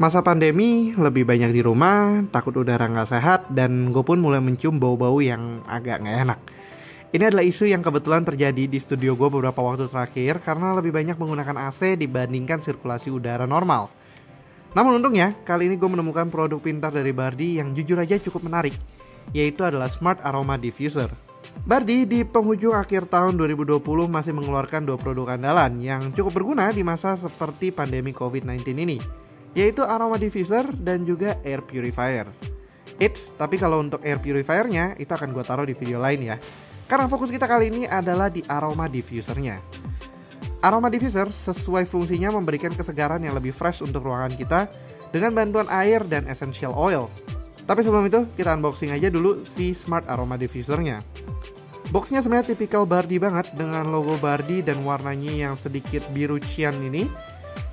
Masa pandemi lebih banyak di rumah, takut udara nggak sehat, dan gue pun mulai mencium bau-bau yang agak nggak enak. Ini adalah isu yang kebetulan terjadi di studio gue beberapa waktu terakhir karena lebih banyak menggunakan AC dibandingkan sirkulasi udara normal. Namun untungnya, kali ini gue menemukan produk pintar dari Bardi yang jujur aja cukup menarik, yaitu adalah Smart Aroma Diffuser. Bardi di penghujung akhir tahun 2020 masih mengeluarkan dua produk andalan yang cukup berguna di masa seperti pandemi COVID-19 ini yaitu aroma diffuser dan juga air purifier. Eits, tapi kalau untuk air purifiernya itu akan gue taruh di video lain ya. Karena fokus kita kali ini adalah di aroma diffusernya. Aroma diffuser sesuai fungsinya memberikan kesegaran yang lebih fresh untuk ruangan kita dengan bantuan air dan essential oil. Tapi sebelum itu, kita unboxing aja dulu si Smart Aroma Diffusernya. Boxnya sebenarnya tipikal Bardi banget dengan logo Bardi dan warnanya yang sedikit biru cian ini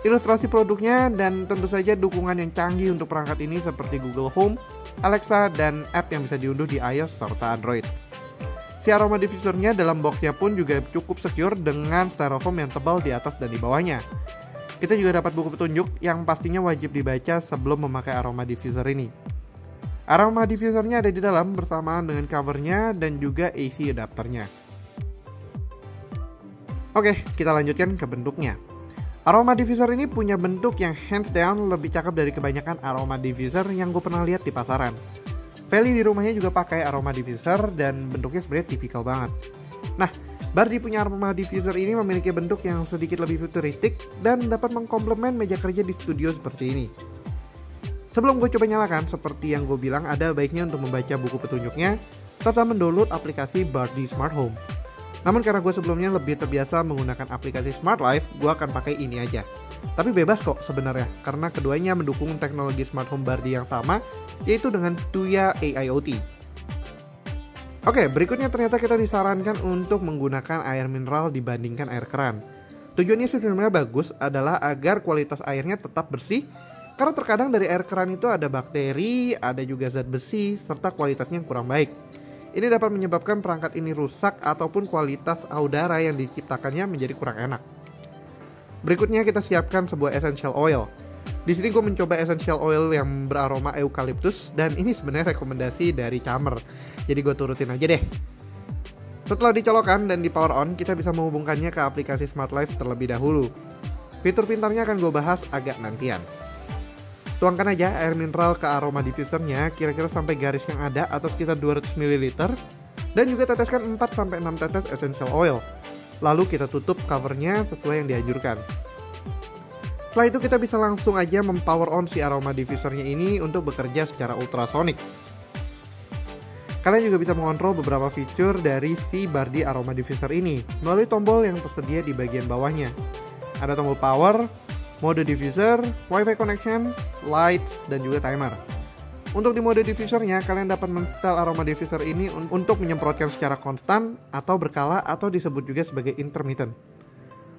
ilustrasi produknya, dan tentu saja dukungan yang canggih untuk perangkat ini seperti Google Home, Alexa, dan app yang bisa diunduh di iOS serta Android. Si aroma diffusernya dalam boxnya pun juga cukup secure dengan styrofoam yang tebal di atas dan di bawahnya. Kita juga dapat buku petunjuk yang pastinya wajib dibaca sebelum memakai aroma diffuser ini. Aroma diffusernya ada di dalam bersamaan dengan covernya dan juga AC adapternya. Oke, kita lanjutkan ke bentuknya. Aroma diffuser ini punya bentuk yang hands down lebih cakep dari kebanyakan aroma diffuser yang gue pernah lihat di pasaran. Feli di rumahnya juga pakai aroma diffuser dan bentuknya sebenarnya tipikal banget. Nah, Bardi punya aroma diffuser ini memiliki bentuk yang sedikit lebih futuristik dan dapat mengkomplement meja kerja di studio seperti ini. Sebelum gue coba nyalakan, seperti yang gue bilang ada baiknya untuk membaca buku petunjuknya, serta mendownload aplikasi Bardi Smart Home. Namun karena gue sebelumnya lebih terbiasa menggunakan aplikasi Smart Life, gue akan pakai ini aja. Tapi bebas kok sebenarnya, karena keduanya mendukung teknologi smart home Bardi yang sama, yaitu dengan Tuya AIoT. Oke, berikutnya ternyata kita disarankan untuk menggunakan air mineral dibandingkan air keran. Tujuannya sebenarnya bagus adalah agar kualitas airnya tetap bersih, karena terkadang dari air keran itu ada bakteri, ada juga zat besi, serta kualitasnya yang kurang baik. Ini dapat menyebabkan perangkat ini rusak ataupun kualitas udara yang diciptakannya menjadi kurang enak. Berikutnya kita siapkan sebuah essential oil. Di sini gue mencoba essential oil yang beraroma eukaliptus dan ini sebenarnya rekomendasi dari Camer. Jadi gue turutin aja deh. Setelah dicolokkan dan di power on, kita bisa menghubungkannya ke aplikasi Smart Life terlebih dahulu. Fitur pintarnya akan gue bahas agak nantian. Tuangkan aja air mineral ke aroma diffusernya kira-kira sampai garis yang ada atau sekitar 200 ml dan juga teteskan 4 sampai 6 tetes essential oil. Lalu kita tutup covernya sesuai yang dianjurkan. Setelah itu kita bisa langsung aja mempower on si aroma diffusernya ini untuk bekerja secara ultrasonic. Kalian juga bisa mengontrol beberapa fitur dari si Bardi Aroma Diffuser ini melalui tombol yang tersedia di bagian bawahnya. Ada tombol power, mode diffuser, wifi connection, lights, dan juga timer. Untuk di mode diffusernya, kalian dapat menstel aroma diffuser ini untuk menyemprotkan secara konstan atau berkala atau disebut juga sebagai intermittent.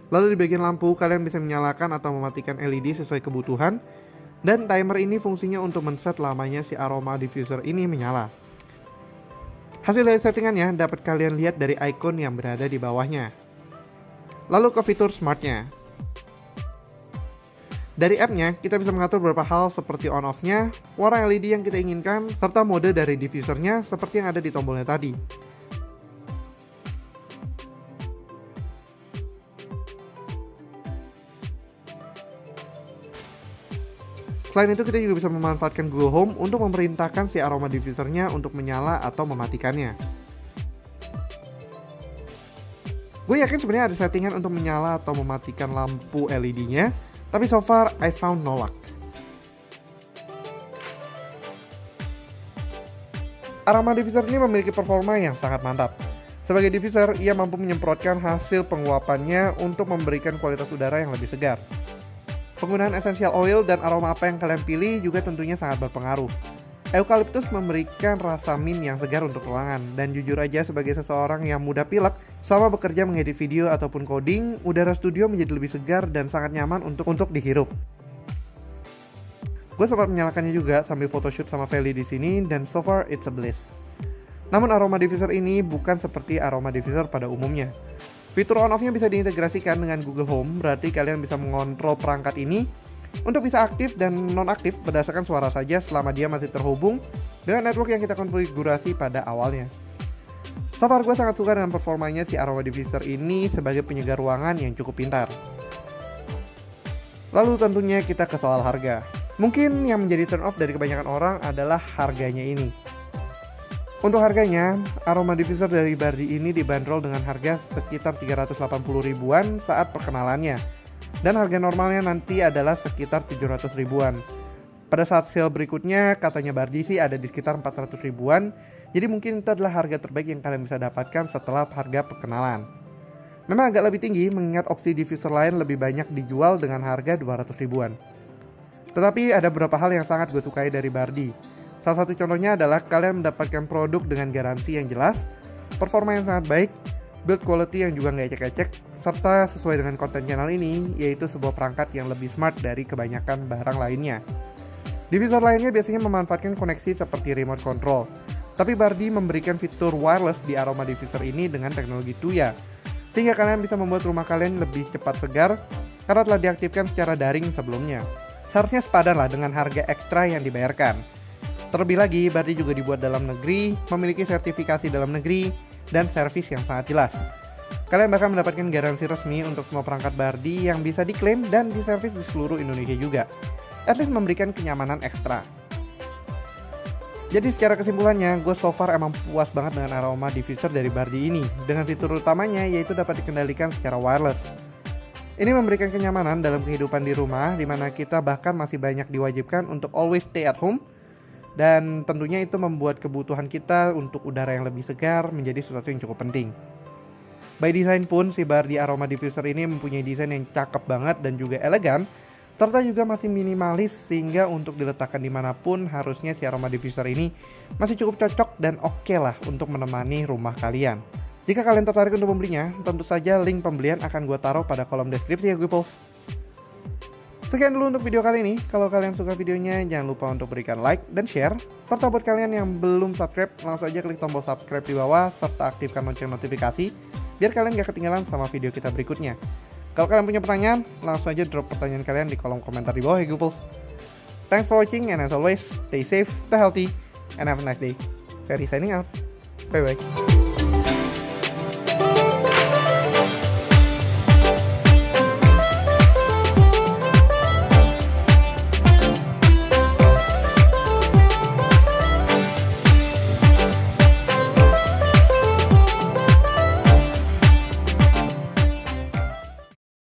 Lalu di bagian lampu, kalian bisa menyalakan atau mematikan LED sesuai kebutuhan. Dan timer ini fungsinya untuk men lamanya si aroma diffuser ini menyala. Hasil dari settingannya dapat kalian lihat dari icon yang berada di bawahnya. Lalu ke fitur smartnya. Dari app-nya, kita bisa mengatur beberapa hal seperti on-off-nya, warna LED yang kita inginkan, serta mode dari diffusernya seperti yang ada di tombolnya tadi. Selain itu, kita juga bisa memanfaatkan Google Home untuk memerintahkan si aroma diffusernya untuk menyala atau mematikannya. Gue yakin sebenarnya ada settingan untuk menyala atau mematikan lampu LED-nya, tapi so far I found no luck. Arama diffuser ini memiliki performa yang sangat mantap. Sebagai diffuser, ia mampu menyemprotkan hasil penguapannya untuk memberikan kualitas udara yang lebih segar. Penggunaan essential oil dan aroma apa yang kalian pilih juga tentunya sangat berpengaruh. Eukaliptus memberikan rasa min yang segar untuk ruangan, dan jujur aja sebagai seseorang yang mudah pilek, Selama bekerja mengedit video ataupun coding, udara studio menjadi lebih segar dan sangat nyaman untuk untuk dihirup. Gue sempat menyalakannya juga sambil photoshoot sama Feli di sini dan so far it's a bliss. Namun aroma diffuser ini bukan seperti aroma diffuser pada umumnya. Fitur on off-nya bisa diintegrasikan dengan Google Home, berarti kalian bisa mengontrol perangkat ini untuk bisa aktif dan nonaktif berdasarkan suara saja selama dia masih terhubung dengan network yang kita konfigurasi pada awalnya. So far gue sangat suka dengan performanya si aroma diffuser ini sebagai penyegar ruangan yang cukup pintar. Lalu tentunya kita ke soal harga. Mungkin yang menjadi turn off dari kebanyakan orang adalah harganya ini. Untuk harganya, aroma diffuser dari Bardi ini dibanderol dengan harga sekitar 380 ribuan saat perkenalannya. Dan harga normalnya nanti adalah sekitar 700 ribuan. Pada saat sale berikutnya, katanya Bardi sih ada di sekitar 400 ribuan, jadi mungkin itu adalah harga terbaik yang kalian bisa dapatkan setelah harga perkenalan. Memang agak lebih tinggi mengingat opsi diffuser lain lebih banyak dijual dengan harga 200 ribuan. Tetapi ada beberapa hal yang sangat gue sukai dari Bardi. Salah satu contohnya adalah kalian mendapatkan produk dengan garansi yang jelas, performa yang sangat baik, build quality yang juga nggak ecek-ecek, serta sesuai dengan konten channel ini, yaitu sebuah perangkat yang lebih smart dari kebanyakan barang lainnya. Divisor lainnya biasanya memanfaatkan koneksi seperti remote control. Tapi Bardi memberikan fitur wireless di aroma diffuser ini dengan teknologi Tuya. Sehingga kalian bisa membuat rumah kalian lebih cepat segar karena telah diaktifkan secara daring sebelumnya. Seharusnya sepadan lah dengan harga ekstra yang dibayarkan. Terlebih lagi, Bardi juga dibuat dalam negeri, memiliki sertifikasi dalam negeri, dan servis yang sangat jelas. Kalian bahkan mendapatkan garansi resmi untuk semua perangkat Bardi yang bisa diklaim dan diservis di seluruh Indonesia juga least memberikan kenyamanan ekstra. Jadi secara kesimpulannya, gue so far emang puas banget dengan aroma diffuser dari Bardi ini, dengan fitur utamanya yaitu dapat dikendalikan secara wireless. Ini memberikan kenyamanan dalam kehidupan di rumah, di mana kita bahkan masih banyak diwajibkan untuk always stay at home, dan tentunya itu membuat kebutuhan kita untuk udara yang lebih segar menjadi sesuatu yang cukup penting. By design pun si Bardi aroma diffuser ini mempunyai desain yang cakep banget dan juga elegan serta juga masih minimalis sehingga untuk diletakkan dimanapun harusnya si aroma diffuser ini masih cukup cocok dan oke okay lah untuk menemani rumah kalian. Jika kalian tertarik untuk membelinya, tentu saja link pembelian akan gue taruh pada kolom deskripsi ya gue post. Sekian dulu untuk video kali ini. Kalau kalian suka videonya, jangan lupa untuk berikan like dan share. Serta buat kalian yang belum subscribe, langsung aja klik tombol subscribe di bawah, serta aktifkan lonceng notifikasi, biar kalian gak ketinggalan sama video kita berikutnya. Kalau kalian punya pertanyaan, langsung aja drop pertanyaan kalian di kolom komentar di bawah ya Google. Thanks for watching and as always, stay safe, stay healthy, and have a nice day. Very signing out. Bye-bye.